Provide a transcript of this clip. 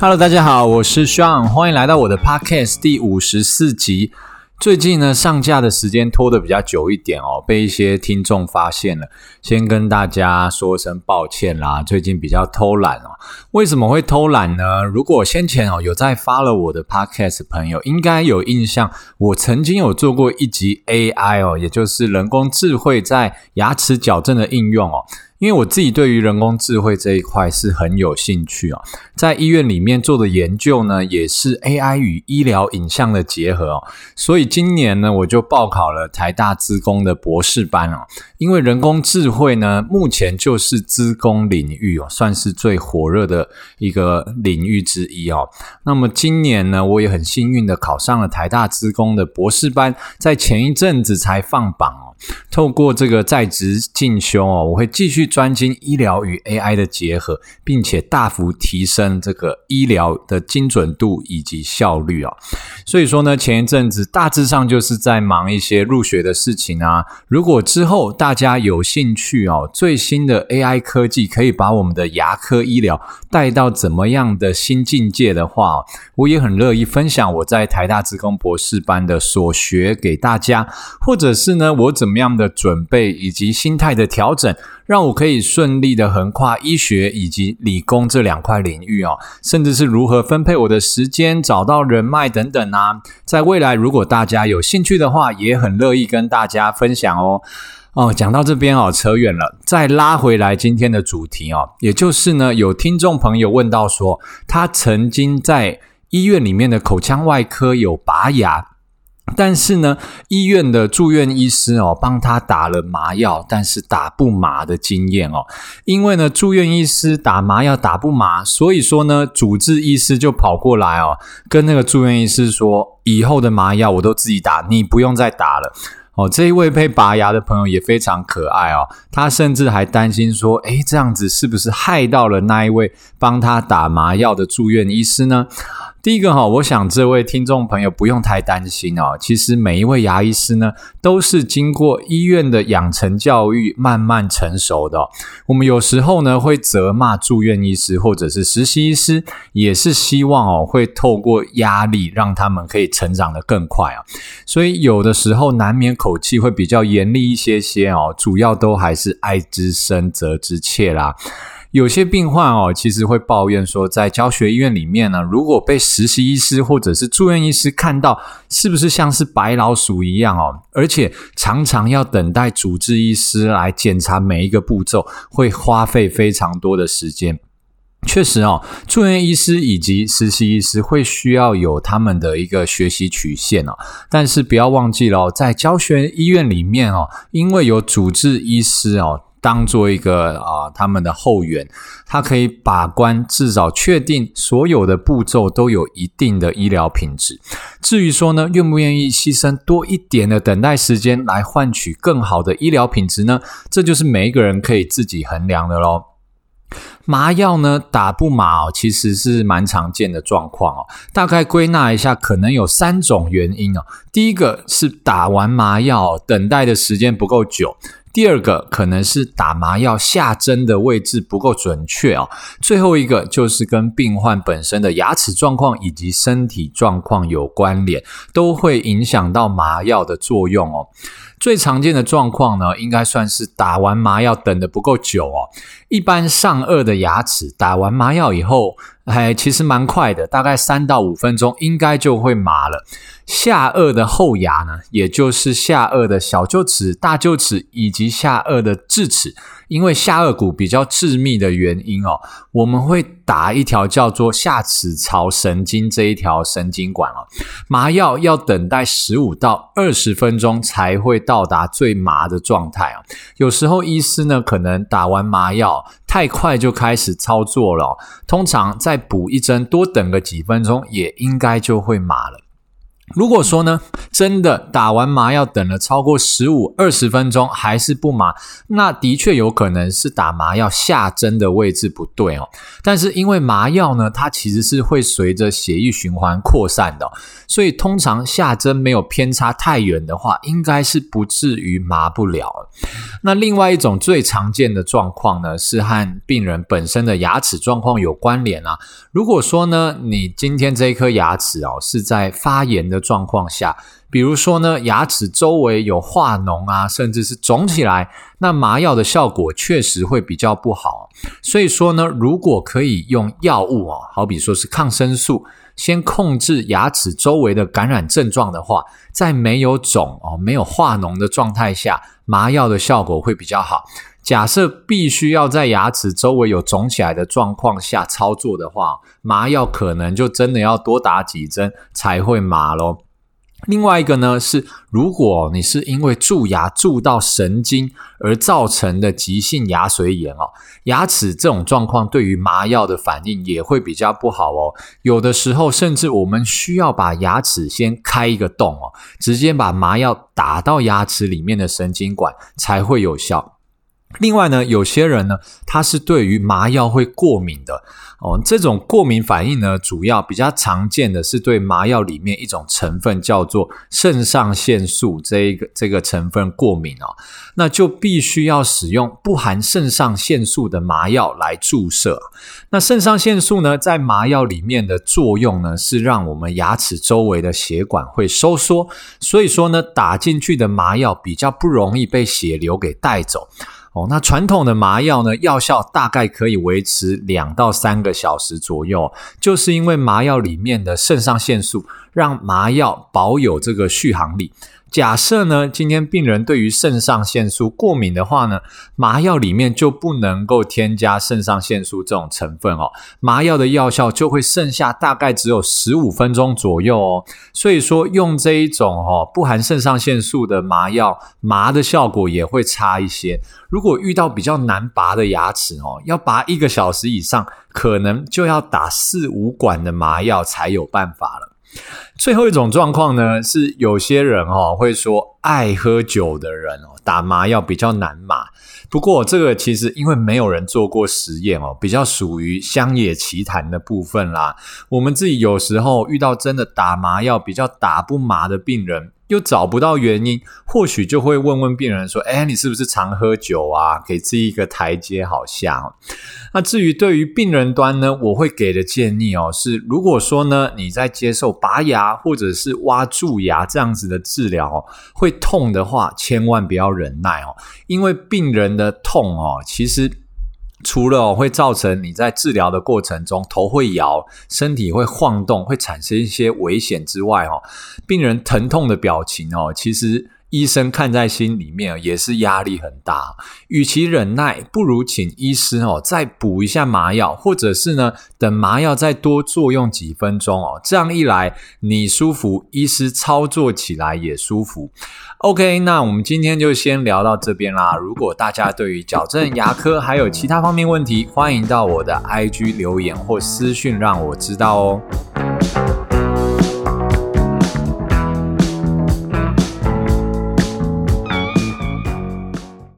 Hello，大家好，我是 Sean。歡迎來到我的 podcast 第五十四集。最近呢，上架的時間拖得比較久一點哦，被一些聽眾發現了，先跟大家說聲抱歉啦。最近比較偷懶哦，為什麼會偷懶呢？如果先前哦有在 follow 我的 podcast，朋友應該有印象，我曾經有做過一集 AI 哦，也就是人工智慧在牙齒矯正的應用哦。因為我自己對於人工智慧這一塊是很有興趣啊哦，在醫院裡面做的研究呢，也是 AI 與醫療影像的結合哦，所以今年呢，我就報考了台大資工的博士班哦。因為人工智慧呢，目前就是資工領域哦，算是最火熱的一個領域之一哦。那麼今年呢，我也很幸運的考上了台大資工的博士班，在前一陣子才放榜哦。透過這個在職進修哦，我會繼續專精醫療與 AI 的結合，並且大幅提升這個醫療的精準度以及效率哦。所以說呢，前一陣子大致上就是在忙一些入學的事情啊。如果之後大家有興趣哦，最新的 AI 科技可以把我們的牙科醫療帶到怎麼樣的新境界的話，我也很樂意分享我在台大職工博士班的所學給大家，或者是呢，我怎麼什麼樣的準備以及心態的調整，讓我可以順利的橫跨醫學以及理工這兩塊領域哦，甚至是如何分配我的時間、找到人脈等等啊。在未來，如果大家有興趣的話，也很樂意跟大家分享哦。哦，講到這邊哦，扯遠了，再拉回來今天的主題哦，也就是呢，有聽眾朋友問到說，他曾經在醫院裡面的口腔外科有拔牙。但是呢，醫院的住院醫師哦，幫他打了麻藥，但是打不麻的經驗哦，因為呢，住院醫師打麻藥打不麻，所以說呢，主治醫師就跑過來哦，跟那個住院醫師說，以後的麻藥我都自己打，你不用再打了。哦，這一位被拔牙的朋友也非常可愛哦，他甚至還擔心說，欸，這樣子是不是害到了那一位幫他打麻藥的住院醫師呢？第一個哈，我想這位聽眾朋友不用太擔心哦。其實每一位牙醫師呢，都是經過醫院的養成教育慢慢成熟的。我們有時候呢，會責罵住院醫師或者是實習醫師，也是希望哦，會透過壓力讓他們可以成長得更快啊。所以有的時候難免口氣會比較嚴厲一些些哦，主要都還是愛之深責之切啦。有些病患哦，其實會抱怨說，在教學醫院裡面呢，如果被實習醫師或者是住院醫師看到，是不是像是白老鼠一樣哦？而且常常要等待主治醫師來檢查每一個步驟，會花費非常多的時間。確實哦，住院醫師以及實習醫師會需要有他們的一個學習曲線哦。但是不要忘記了哦，在教學醫院裡面哦，因為有主治醫師哦。當作一個啊，他們的後援，他可以把關，至少確定所有的步驟都有一定的醫療品質。至於說呢，願不願意犧牲多一點的等待時間來換取更好的醫療品質呢？這就是每一個人可以自己衡量的嘍。麻藥呢，打不麻哦，其實是蠻常見的狀況哦。大概歸納一下，可能有三種原因哦。第一個是打完麻藥，等待的時間不夠久。第二個可能是打麻藥下針的位置不夠準確哦，最後一個就是跟病患本身的牙齒狀況以及身體狀況有關聯，都會影響到麻藥的作用哦。最常見的狀況呢，應該算是打完麻藥等得不夠久哦。一般上顎的牙齒打完麻藥以後。哎，其實蠻快的，大概三到五分鐘應該就會麻了。下顎的後牙呢，也就是下顎的小臼齒、大臼齒以及下顎的智齒，因為下顎骨比較致密的原因哦，我們會打一條叫做下齒槽神經這一條神經管哦。麻藥要等待十五到二十分鐘才會到達最麻的狀態哦，有時候醫師呢，可能打完麻藥太快就開始操作了哦，通常再補一針，多等個幾分鐘，也應該就會麻了。如果說呢，真的打完麻藥等了超過十五二十分鐘還是不麻，那的確有可能是打麻藥下針的位置不對哦。但是因為麻藥呢，它其實是會隨着血液循環擴散的哦，所以通常下針沒有偏差太遠的話，應該是不至於麻不了了。那另外一種最常見的狀況呢，是和病人本身的牙齒狀況有關聯啊。如果說呢，你今天這一顆牙齒哦是在發炎的狀況下，比如說呢，牙齒周圍有化膿啊，甚至是腫起來，那麻藥的效果確實會比較不好。所以說呢，如果可以用藥物啊，好比說是抗生素，先控制牙齒周圍的感染症狀的話，在沒有腫、哦、沒有化膿的狀態下，麻藥的效果會比較好。假設必須要在牙齒周圍有腫起來的狀況下操作的話，麻藥可能就真的要多打幾針才會麻咯。另外一個呢是，如果你是因為蛀牙蛀到神經而造成的急性牙髓炎哦，牙齒這種狀況對於麻藥的反應也會比較不好哦。有的時候甚至我們需要把牙齒先開一個洞哦，直接把麻藥打到牙齒裡面的神經管才會有效。另外呢，有些人呢，他是對於麻藥會過敏的哦。這種過敏反應呢，主要比較常見的是對麻藥裡面一種成分叫做腎上腺素這一個這個成分過敏哦。那就必須要使用不含腎上腺素的麻藥來注射。那腎上腺素呢，在麻藥裡面的作用呢，是讓我們牙齒周圍的血管會收縮，所以說呢，打進去的麻藥比較不容易被血流給帶走。哦，那傳統的麻藥呢，藥效大概可以維持兩到三個小時左右，就是因為麻藥裡面的腎上腺素讓麻藥保有這個續航力。假設呢，今天病人對於腎上腺素過敏的話呢，麻藥裡面就不能夠添加腎上腺素這種成分哦，麻藥的藥效就會剩下大概只有十五分鐘左右哦，所以說用這一種哦，不含腎上腺素的麻藥，麻的效果也會差一些。如果遇到比較難拔的牙齒哦，要拔一個小時以上，可能就要打四五管的麻藥才有辦法了。最後一種狀況呢，是有些人哦，會說愛喝酒的人哦，打麻藥比較難麻。不過這個其實因為沒有人做過實驗哦，比較屬於鄉野奇談的部分啦。我們自己有時候遇到真的打麻藥比較打不麻的病人。又找不到原因，或許就會問問病人說：“欸，你是不是常喝酒啊？給自己一個台階好下。”那至於對於病人端呢，我會給的建議哦，是如果說呢你在接受拔牙或者是挖蛀牙這樣子的治療會痛的話，千萬不要忍耐哦，因為病人的痛哦，其實。除了會造成你在治療的過程中頭會搖、身體會晃動、會產生一些危險之外，哦，病人疼痛的表情，哦，其實。醫生看在心裡面，也是壓力很大。與其忍耐，不如請醫師哦再補一下麻藥，或者是呢等麻藥再多作用幾分鐘哦。這樣一來，你舒服，醫師操作起來也舒服。OK，那我們今天就先聊到這邊啦。如果大家對於矯正牙科還有其他方面問題，歡迎到我的 IG 留言或私訊讓我知道哦。